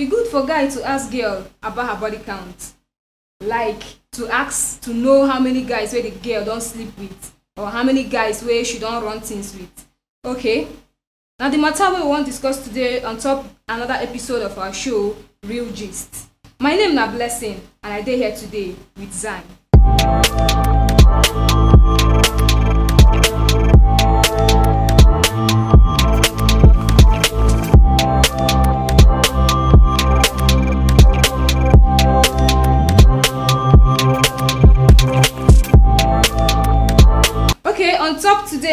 e good for guy to ask girl about her body count like to ask to know how many guys wey the girl don sleep with or how many guys wey she don run things with okay na the matter wey we wan discuss today on top another episode of our show real gist my name na blessing and i dey here today with Zain.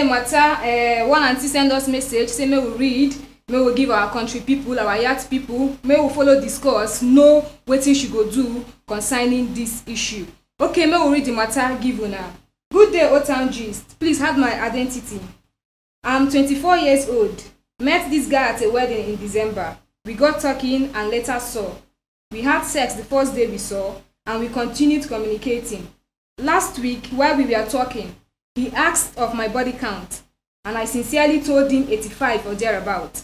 say matter uh, one aunty send us message say may we read may we give our country people our yacht people may we follow discuss know wetin she go do concerning this issue okay may we read the matter give una good day old town gist please have my identity i'm 24 years old met this guy at a wedding in december we got talking and later saw we had sex the first day we saw and we continued communicating last week while we were talking He asked of my body count, and I sincerely told him 85 or thereabout.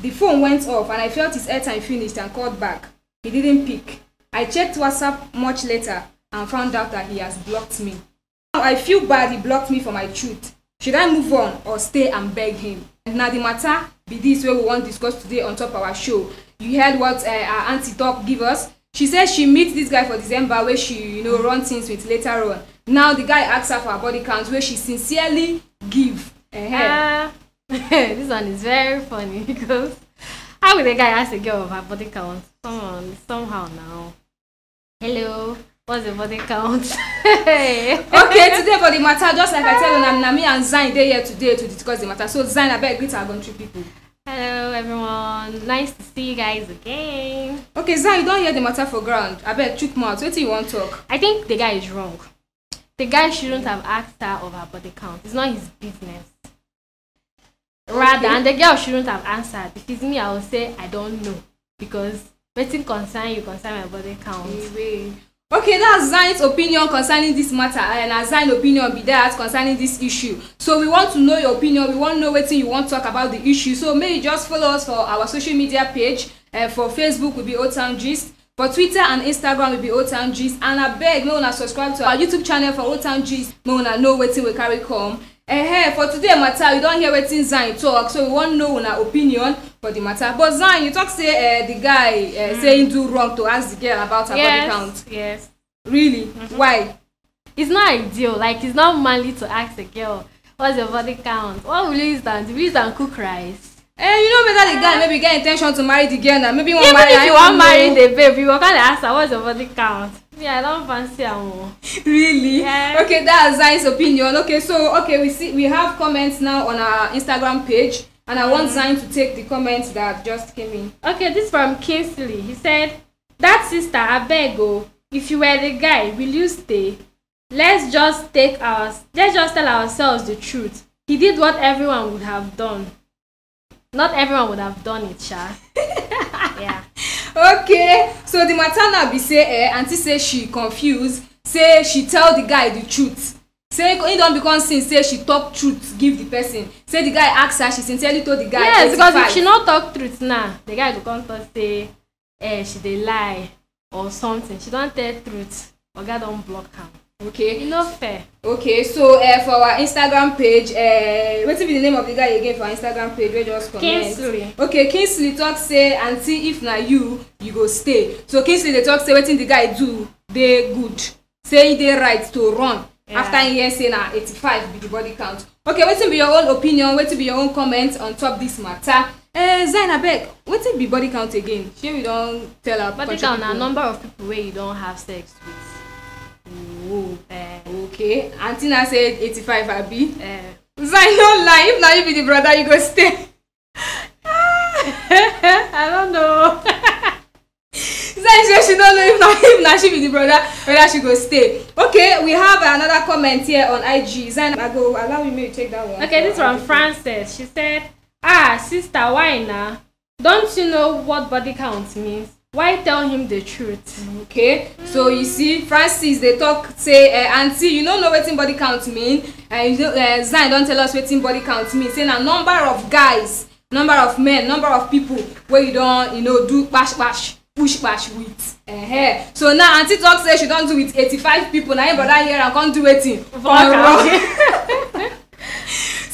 The phone went off, and I felt his airtime finished and called back. He didn't pick. I checked WhatsApp much later and found out that he has blocked me. Now I feel bad he blocked me for my truth. Should I move on or stay and beg him? And now the matter be this way we want to discuss today on top of our show. You heard what uh, our auntie talk give us. She says she meets this guy for December where she, you know, run things with later on now the guy ask her for her body count wey she sincerely give. Uh -huh. uh, this one is very funny because how would a guy ask a girl of her body count someone somehow now hello what's the body count okay today for the matter just like i tell una na me and zain dey here today to discuss the matter so zain abeg greet our country people. hello everyone nice to see you guys again. okay zain you don hear the matter for ground abeg chook mouth wetin you wan talk. i think the guy is wrong. The guy shouldn't have asked her of her body count. It's not his business. Rather, okay. and the girl shouldn't have answered. If it's me, I will say I don't know because waiting concern you concern my body count. Okay, that's Zain's opinion concerning this matter eh, and as Zain's opinion be that concerning this issue. So we want to know your opinion, we want to know wetin you want to talk about the issue. So may you just follow us for our social media page. Uh, for Facebook will be Old Town Gist for twitter and instagram we be old town gist and abeg make una subscribe to our youtube channel for old town gist make una know wetin we carry come eh, for today matter we don hear wetin Zain talk so we wan know una opinion for the matter but Zain, you talk say uh, the guy uh, mm. say he do wrong to ask the girl about her yes, body count yes really mm -hmm. why it's not ideal like it's not manly to ask a girl what's your body count what will you use am do you use am cook rice Eh, you know better the guy maybe get intention to marry the girl now. Maybe one marry. Even if you wan marry the babe, you go kind of ask her what's your body count. Me, I don't fancy am o. Really? Yeah. Okay, that's Zain's opinion. Okay, so okay, we see we have comments now on our Instagram page, and I want mm. Zain to take the comments that just came in. Okay, this from Kingsley. He said, "That sister, abeg o, if you were the guy, will you stay? Let's just take our, let's just tell ourselves the truth. He did what everyone would have done." not everyone would have done it sha yeah okay so the matter now be say eh aunty say she confuse say she tell the guy the truth say he don become sin say she talk truth give the person say the guy ask her she sincerely told the guy yes because if she no talk truth now the guy go come talk say eh she dey lie or something she don tell truth oga don block am okay no fair eh. okay so uh, for our instagram page uh, eh, wetin be the name of the guy again for our instagram page wey just comment kingsley okay kingsley talk say see if na you you go stay so kingsley they talk say wetin the guy do dey good say e dey right to run yeah. after e hear say na eighty-five be the body count okay what wetin be your own opinion What wetin be your own comment on top this matter Uh, zain abeg wetin be body count again shey we don't tell our body count na number of people wey you don have sex with owo o okay aunty said 85 eighty-five abi zai no lie if na you be the brother you go stay i don't know zai say she don't know if now if now she be the brother whether she go stay okay we have another comment here on ig Zain, i go allow you to take that one okay this from frances she said ah sister why now? don't you know what body count means why tell him the truth. okay mm. so you see francis dey talk say uh, eh, aunty you no know wetin body count mean and uh, eh, you know, uh, eh, zan don tell us wetin body count mean say na number of guys number of men number of people wey you don you know do kpash kpash push kpash with. Uh -huh. so now aunty talk say she don do with eighty-five people na him brother hear am come do wetin. for her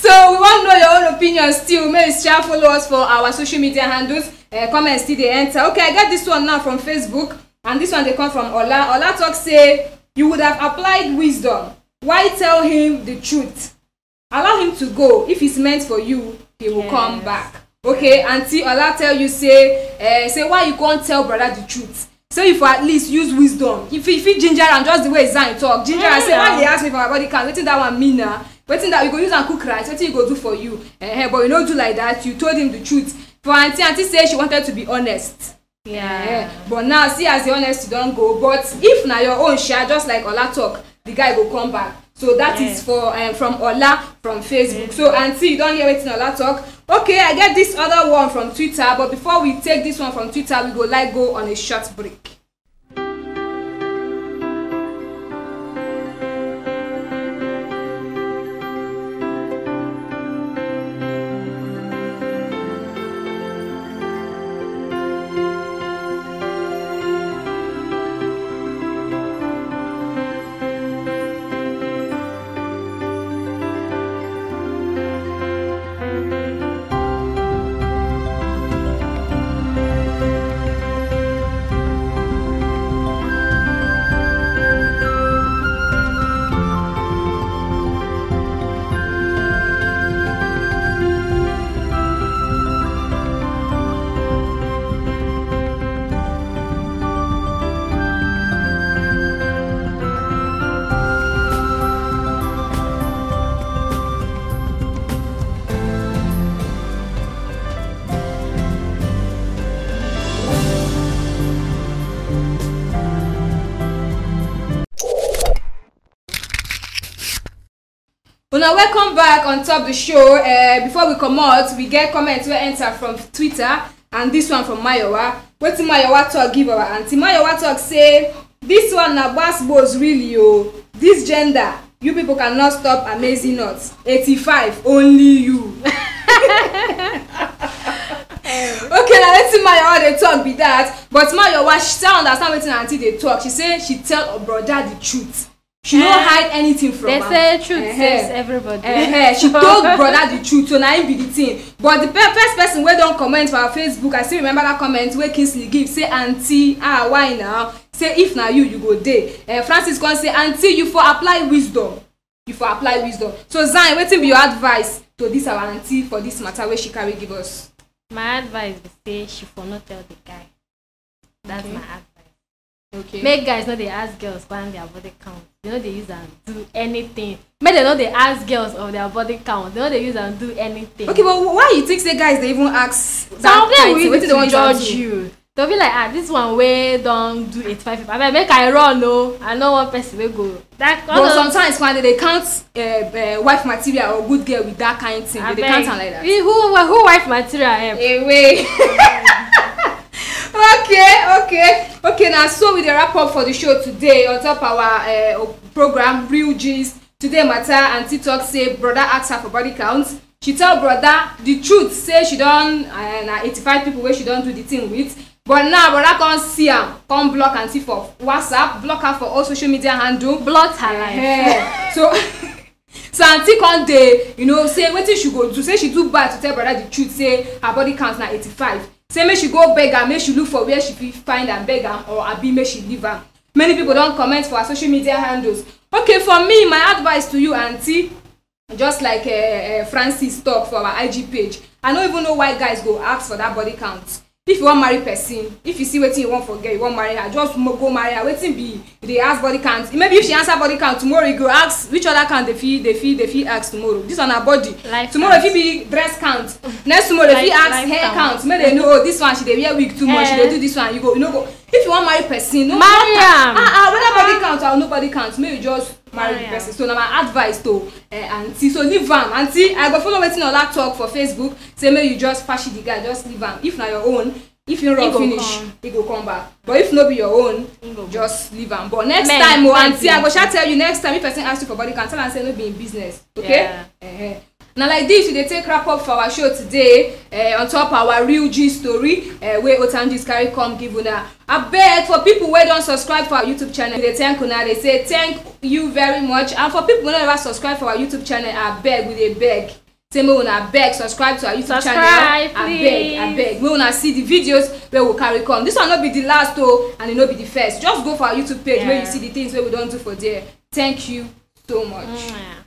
so we wan know your own opinion still may you share follow us for our social media handles uh, comment still dey enter okay i get this one now from facebook and this one dey come from ola ola talk say you would have applied wisdom why tell him the truth allow him to go if it's meant for you he will yes. come back okay aunty ola tell you say uh, say why you come tell brother the truth so you for at least use wisdom you fit you ginger am just the way zain talk ginger am say why you dey ask me for my body count wetin that one mean na wetin that we go use am cook rice wetin he go do for you eh, but you no do like that you told him the truth for aunty aunty say she wanted to be honest yeah. yeah. but now see as the honesty don go but if na your own sha just like ola talk the guy go come back so that yeah. is for um, from ola from facebook yeah. so mm-hmm. aunty you don hear wetin ola talk okay i get this other one from twitter but before we take this one from twitter we go like go on a short break. back on top the show uh, before we come out, we get comments we enter from twitter and this one from mayowa wetin mayowa talk give our auntie mayowa talk say this one na gbasgbos really yo. Oh. this gender you people cannot stop amazing nuts eighty-five only you. okay now let's see mayowa dey talk be that but mayowa she tell understand wetin auntie dey talk she say she tell her brother the truth she no eh, hide anything from am. they say truth saves everybody. she told brother the truth so na him be the thing but the first person wey don comment for our facebook i still remember that comment wey kingsley give say aunty ah why na say if na you you go dey uh, francis come say aunty you for apply wisdom you for apply wisdom so zain wetin be your advice to this our aunty for this matter wey she carry give us. my advice be say she for no tell the guy that's okay. my advice okay. make guys no dey ask girls when their body count they no dey use am do anything make dem no dey ask girls of their body count they no dey use am do anything. okay but why you think say guys dey even ask Some kind thing wetin dem judge you. they'll be like ah this one wey don do eighty-five people abeg make i run o oh. i no want person wey go. but of, sometimes man they dey count uh, uh, wife material or good girl with that kind thing abeg, they dey count am like that. who who wife material help. ewe. okay now so we dey wrap up for the show today on top our uh, program real gist today matter aunty talk say brother ask her for body count she tell brother the truth say she don uh, na eighty-five people wey she don do the thing with but now brother come see am come block aunty for whatsapp block her for all social media handle. block her life. Yeah. so so aunty come dey you know say wetin she go do say she do bad to tell brother the truth say her body count na eighty-five say make she go beg am make she look for where she fit find am beg am or abi make she leave am many people don comment for her social media handles okay for me my advice to you aunty just like uh, uh, francis talk for our ig page i no even know why guys go ask for that body count if you wan marry person if you see wetin you wan for girl you wan marry her just go marry her wetin be you dey ask body count maybe if she answer body count tomorrow you go ask which other count dey fit dey fit dey fit ask tomorrow this one na body life tomorrow fit be dress count next tomorrow dey fit ask hair count make dem know oh this one she dey wear wig too much she dey do this one you go you no go if you wan marry person no matter ah ah whether body ah. count or no body count make you just marry the person so na my advice to Eh, aunty so leave am aunty i go follow wetin ola talk for facebook say make you just pashi the guy just leave am if na your own if him run finish he go come back but if no be your own just leave am but next time o oh, aunty i go sha tell you next time if person ask you for body count tell am say no be him business okay. Yeah. Uh -huh na like this, we dey take wrap up for our show today uh, on top our real G story uh, eh, wey otanjis carry come give una abeg for people wey don subscribe for our youtube channel we dey thank una dey say thank you very much and for people wey no ever subscribe for our youtube channel abeg we dey beg say make una beg subscribe to our youtube subscribe, channel abeg abeg make una see the videos wey we carry come this one no be the last oh, and e no be the first just go for our youtube page yeah. make you see the things wey we don do for there thank you so much. Mm -hmm.